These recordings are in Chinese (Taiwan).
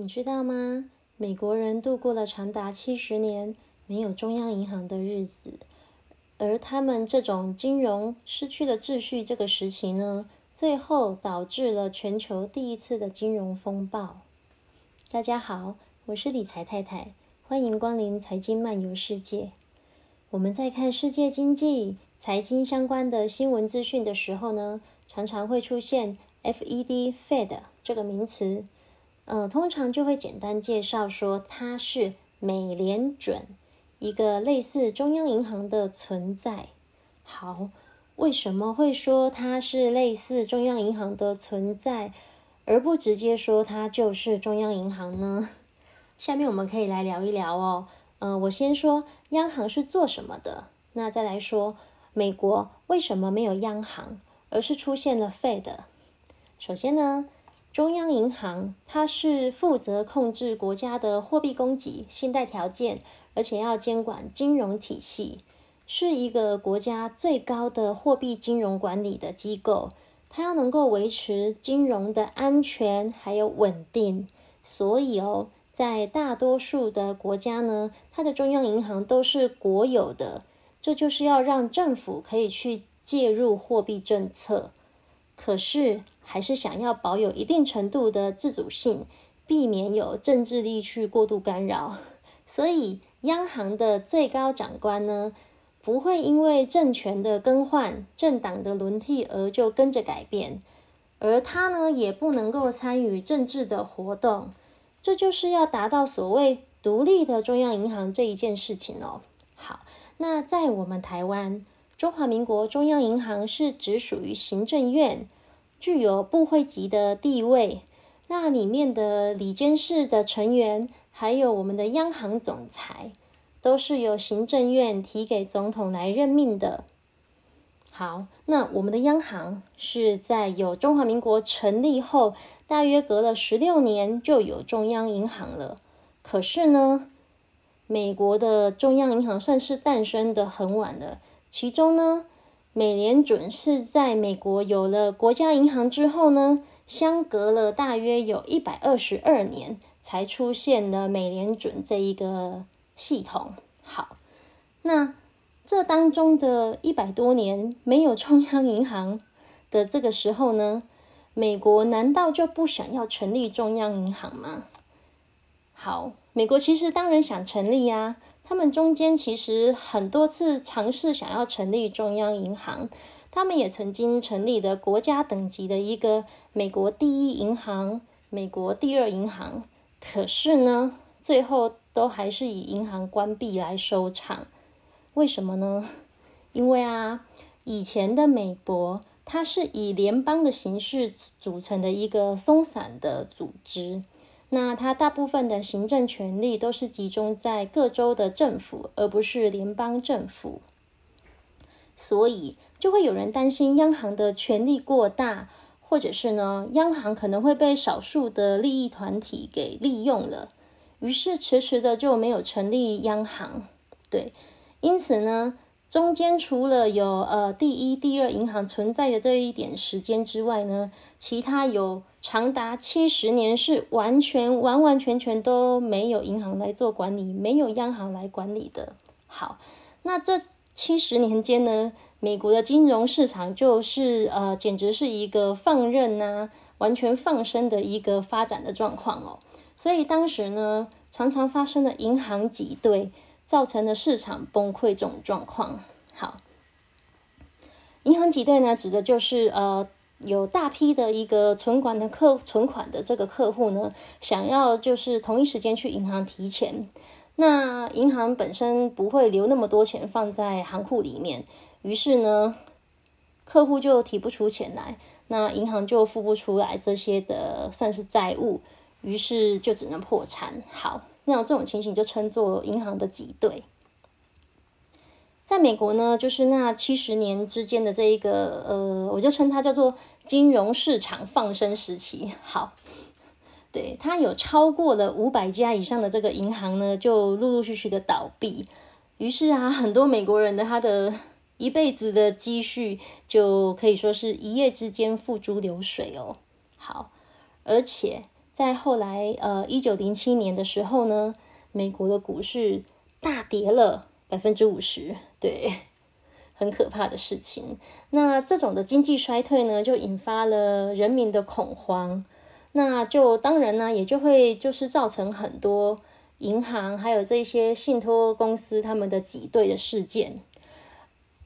你知道嗎？美國人度過了長達七十年沒有中央銀行的日子，而他們這種金融失去了秩序這個時期呢，最後導致了全球第一次的金融風暴。大家好，我是理財太太，歡迎光臨財經漫遊世界。我們在看世界經濟、財經相關的新聞資訊的時候呢，常常會出現 FED、Fed 這個名詞。呃，通常就會簡單介紹說它是美聯準，一個類似中央銀行的存在。好，為什麼會說它是類似中央銀行的存在，而不直接說它就是中央銀行呢？下面我們可以來聊一聊哦。嗯、呃，我先說央行是做什麼的，那再來說美國為什麼沒有央行，而是出現了 Fed。首先呢。中央銀行，它是負責控制國家的貨幣供給、信貸條件，而且要監管金融體系，是一個國家最高的貨幣金融管理的機構。它要能夠維持金融的安全還有穩定。所以哦，在大多數的國家呢，它的中央銀行都是國有的，這就是要讓政府可以去介入貨幣政策。可是，還是想要保有一定程度的自主性，避免有政治力去過度干擾。所以，央行的最高長官呢，不會因為政權的更換、政黨的輪替而就跟着改變。而他呢，也不能夠參與政治的活動。這就是要達到所謂獨立的中央銀行這一件事情哦。好，那在我們台灣，中華民國中央銀行是直屬於行政院。具有部會級的地位，那裡面的理監事的成員，還有我們的央行總裁，都是由行政院提給總統來任命的。好，那我們的央行是在有中華民國成立後，大約隔了十六年就有中央銀行了。可是呢，美國的中央銀行算是誕生的很晚了，其中呢。美聯準是在美國有了國家銀行之後呢，相隔了大約有一百二十二年才出現了美聯準這一個系統。好，那這當中的一百多年沒有中央銀行的這個時候呢，美國難道就不想要成立中央銀行嗎？好，美國其實當然想成立呀、啊。他們中間其實很多次嘗試想要成立中央銀行，他們也曾經成立的國家等級的一個美國第一銀行、美國第二銀行，可是呢，最後都還是以銀行關閉來收場。為什麼呢？因為啊，以前的美國，它是以聯邦的形式組成的一個鬆散的組織。那它大部分的行政權力都是集中在各州的政府，而不是聯邦政府，所以就會有人擔心央行的權力過大，或者是呢，央行可能會被少數的利益團體給利用了，於是遲遲的就沒有成立央行。對，因此呢。中間除了有呃第一、第二銀行存在的這一點時間之外呢，其他有長達七十年是完全完完全全都沒有銀行來做管理，沒有央行來管理的。好，那這七十年間呢，美國的金融市場就是呃，簡直是一個放任吶，完全放生的一個發展的狀況哦。所以當時呢，常常發生的銀行擠兌，造成的市場崩潰這種狀況，好，銀行擠兌呢，指的就是呃，有大批的一個存款的客存款的這個客戶呢，想要就是同一時間去銀行提錢，那銀行本身不會留那麼多錢放在行庫裡面，於是呢，客戶就提不出錢來，那銀行就付不出來這些的算是債務，於是就只能破產。好。那這種情形就稱作銀行的擠兌。在美國呢，就是那七十年之間的這一個，呃，我就稱它叫做金融市場放生時期。好，對，它有超過了五百家以上的這個銀行呢，就陸陸續續的倒閉。於是啊，很多美國人的他的一輩子的積蓄，就可以說是一夜之間付諸流水哦。好，而且。在後來，呃，一九零七年的時候呢，美國的股市大跌了百分之五十，對，很可怕的事情。那這種的經濟衰退呢，就引發了人民的恐慌，那就當然呢，也就會就是造成很多銀行還有這些信託公司他們的擠兌的事件。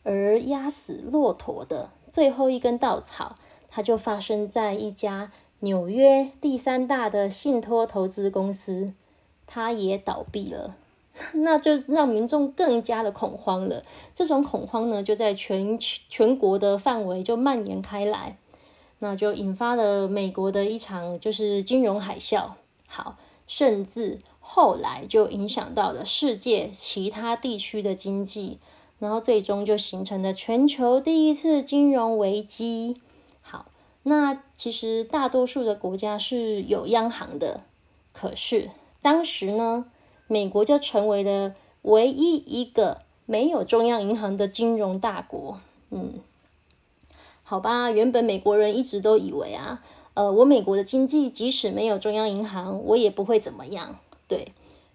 而壓死駱駝的最後一根稻草，它就發生在一家。紐約第三大的信託投資公司，它也倒閉了，那就讓民眾更加的恐慌了。這種恐慌呢，就在全全國的範圍就蔓延開來，那就引發了美國的一場就是金融海嘯。好，甚至後來就影響到了世界其他地區的經濟，然後最終就形成了全球第一次金融危機。那其實大多數的國家是有央行的，可是當時呢，美國就成為了唯一一個沒有中央銀行的金融大國。嗯，好吧，原本美國人一直都以為啊，呃，我美國的經濟即使沒有中央銀行，我也不會怎麼樣。對，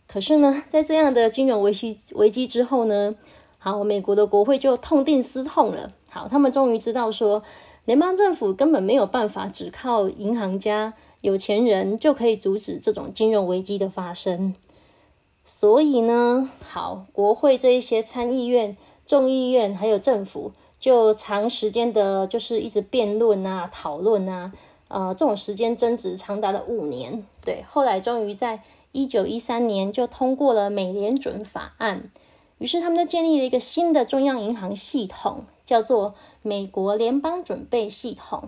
可是呢，在這樣的金融危機危機之後呢，好，美國的國會就痛定思痛了。好，他們終於知道說。聯邦政府根本沒有辦法，只靠銀行家、有錢人就可以阻止這種金融危機的發生。所以呢，好，國會這一些參議院、眾議院，還有政府，就長時間的，就是一直辯論啊、討論啊，呃，這種時間爭執長達了五年。對，後來終於在一九一三年就通過了《美聯準法案》，於是他們就建立了一個新的中央銀行系統，叫做。美國聯邦準備系統，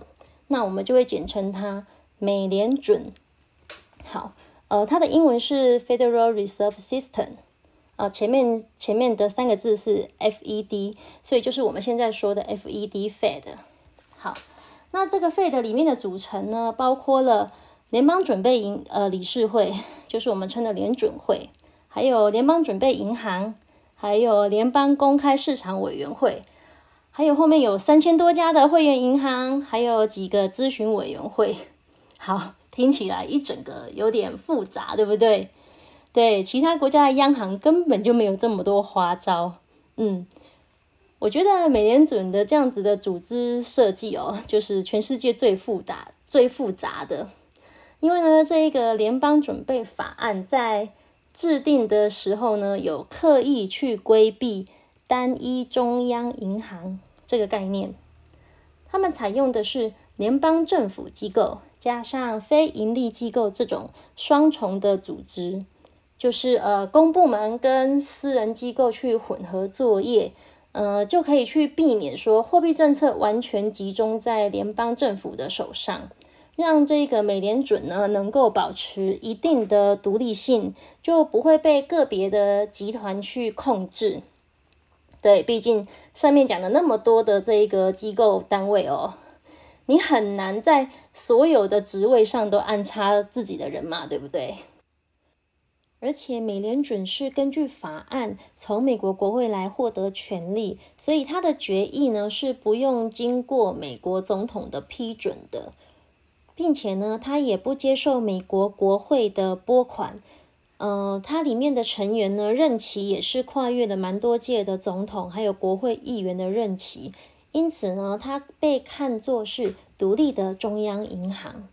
那我們就會簡稱它美聯準。好，呃，它的英文是 Federal Reserve System。呃，前面前面的三個字是 FED，所以就是我們現在說的 FED Fed。好，那這個 Fed 裡面的組成呢，包括了聯邦準備銀，呃，理事會，就是我們稱的聯準會，還有聯邦準備銀行，還有聯邦公開市場委員會。還有後面有三千多家的會員銀行，還有幾個諮詢委員會，好，聽起來一整個有點複雜，對不對？對，其他國家的央行根本就沒有這麼多花招。嗯，我覺得美聯準的這樣子的組織設計哦，就是全世界最複雜、最複雜的。因為呢，這一個聯邦準備法案在制定的時候呢，有刻意去規避單一中央銀行。這個概念，他們採用的是聯邦政府機構加上非營利機構這種雙重的組織，就是呃公部門跟私人機構去混合作業，呃就可以去避免說貨幣政策完全集中在聯邦政府的手上，讓這個美聯準呢能夠保持一定的獨立性，就不會被個別的集團去控制。對，畢竟上面講了那麼多的這個機構單位哦，你很難在所有的職位上都安插自己的人嘛，對不對？而且美聯準是根據法案從美國國會來獲得權力，所以他的決議呢是不用經過美國總統的批准的，並且呢，他也不接受美國國會的撥款。呃，它裡面的成員呢，任期也是跨越了蠻多屆的總統，還有國會議員的任期，因此呢，它被看作是獨立的中央銀行。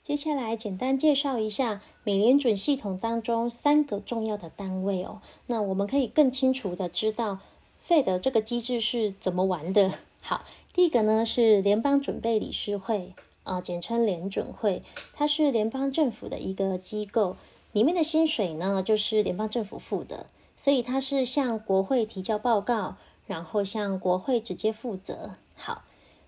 接下來簡單介紹一下美聯準系統當中三個重要的單位哦，那我們可以更清楚的知道 Fed 這個機制是怎麼玩的。好，第一個呢是聯邦準備理事會，啊、呃，簡稱聯準會，它是聯邦政府的一個機構。裡面的薪水呢，就是聯邦政府付的，所以他是向國會提交報告，然後向國會直接負責。好，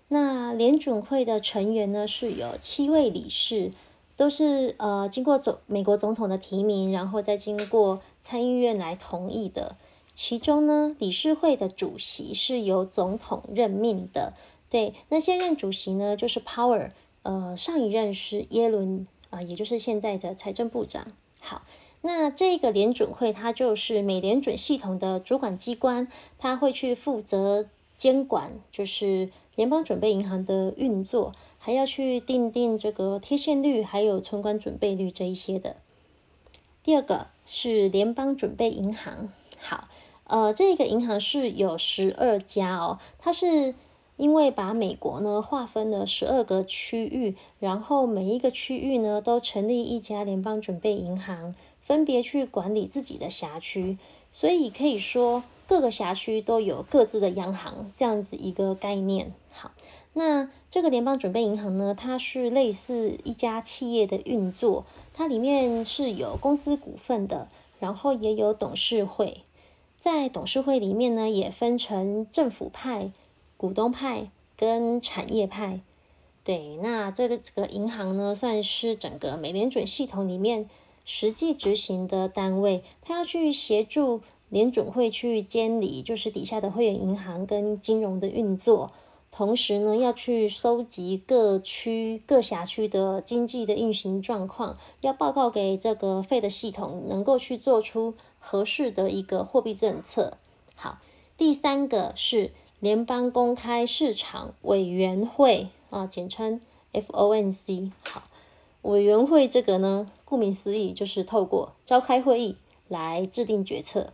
那聯準會的成員呢，是有七位理事，都是呃經過總美國總統的提名，然後再經過參議院來同意的。其中呢，理事會的主席是由總統任命的。對，那現任主席呢就是 Powell，呃，上一任是耶倫啊，呃，也就是現在的財政部長。好，那這個聯準會它就是美聯準系統的主管機關，它會去負責監管，就是聯邦準備銀行的運作，還要去定定這個貼現率，還有存款準備率這一些的。第二個是聯邦準備銀行，好，呃，這個銀行是有十二家哦，它是。因為把美國呢劃分了十二個區域，然後每一個區域呢都成立一家聯邦準備銀行，分別去管理自己的轄區，所以可以說各個轄區都有各自的央行這樣子一個概念。好，那這個聯邦準備銀行呢，它是類似一家企業的運作，它裡面是有公司股份的，然後也有董事會，在董事會裡面呢也分成政府派。股東派跟產業派，對，那這個這個銀行呢，算是整個美聯準系統裡面實際執行的單位，它要去協助聯準會去監理，就是底下的會員銀行跟金融的運作，同時呢要去搜集各區各轄區的經濟的運行狀況，要報告給這個 FED 系統，能夠去做出合適的一個貨幣政策。好，第三個是。聯邦公開市場委員會啊，簡稱 FOMC。好，委員會這個呢，顧名思義就是透過召開會議來制定決策。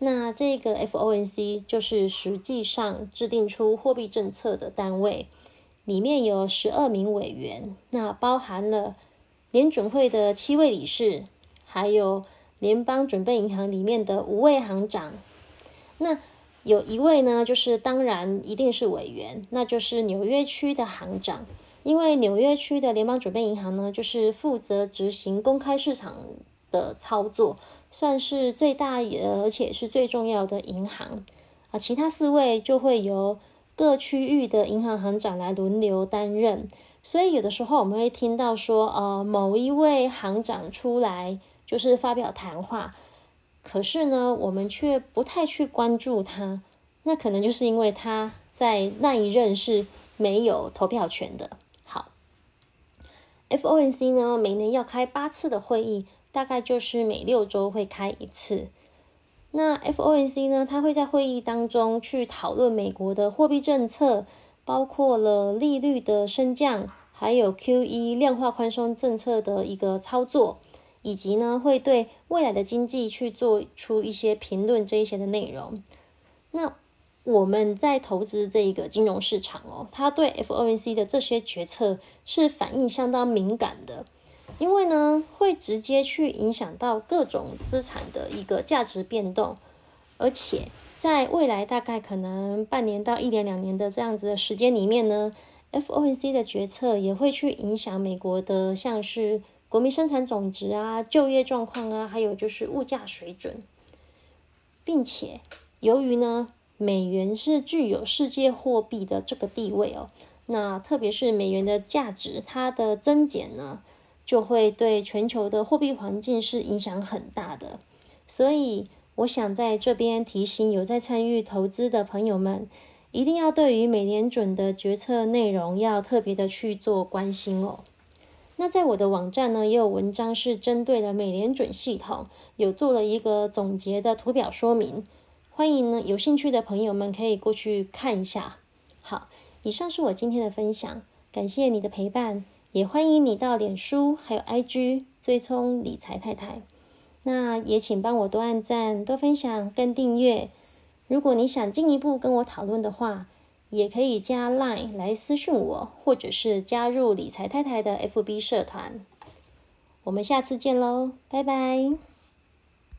那這個 FOMC 就是實際上制定出貨幣政策的單位，裡面有十二名委員，那包含了聯準會的七位理事，還有聯邦準備銀行裡面的五位行長。那有一位呢，就是當然一定是委員，那就是紐約區的行長，因為紐約區的聯邦儲備銀行呢，就是負責執行公開市場的操作，算是最大也而且是最重要的銀行啊。其他四位就會由各區域的銀行行長來輪流擔任，所以有的時候我們會聽到說，呃，某一位行長出來就是發表談話。可是呢，我們卻不太去關注他，那可能就是因為他在那一任是沒有投票權的。好，FOMC 呢，每年要開八次的會議，大概就是每六周會開一次。那 FOMC 呢，他會在會議當中去討論美國的貨幣政策，包括了利率的升降，還有 QE 量化寬鬆政策的一個操作。以及呢，會對未來的經濟去做出一些評論，這一些的內容。那我們在投資這一個金融市場哦，它對 FOMC 的這些決策是反應相當敏感的，因為呢，會直接去影響到各種資產的一個價值變動。而且在未來大概可能半年到一年兩年的這樣子的時間裡面呢，FOMC 的決策也會去影響美國的像是。國民生產總值啊，就業狀況啊，還有就是物價水準。並且由於呢，美元是具有世界貨幣的這個地位哦，那特別是美元的價值，它的增減呢，就會對全球的貨幣環境是影響很大的。所以，我想在這邊提醒有在參與投資的朋友們，一定要對於美聯準的決策內容要特別的去做關心哦。那在我的網站呢，也有文章是針對了美聯準系統，有做了一個總結的圖表說明，歡迎呢，有興趣的朋友們可以過去看一下。好，以上是我今天的分享，感謝你的陪伴，也歡迎你到臉書還有 IG 追蹤理財太太。那也請幫我多按贊、多分享、跟訂閱。如果你想進一步跟我討論的話，也可以加 Line 來私訊我，或者是加入理財太太的 FB 社團。我們下次見嘍，拜拜。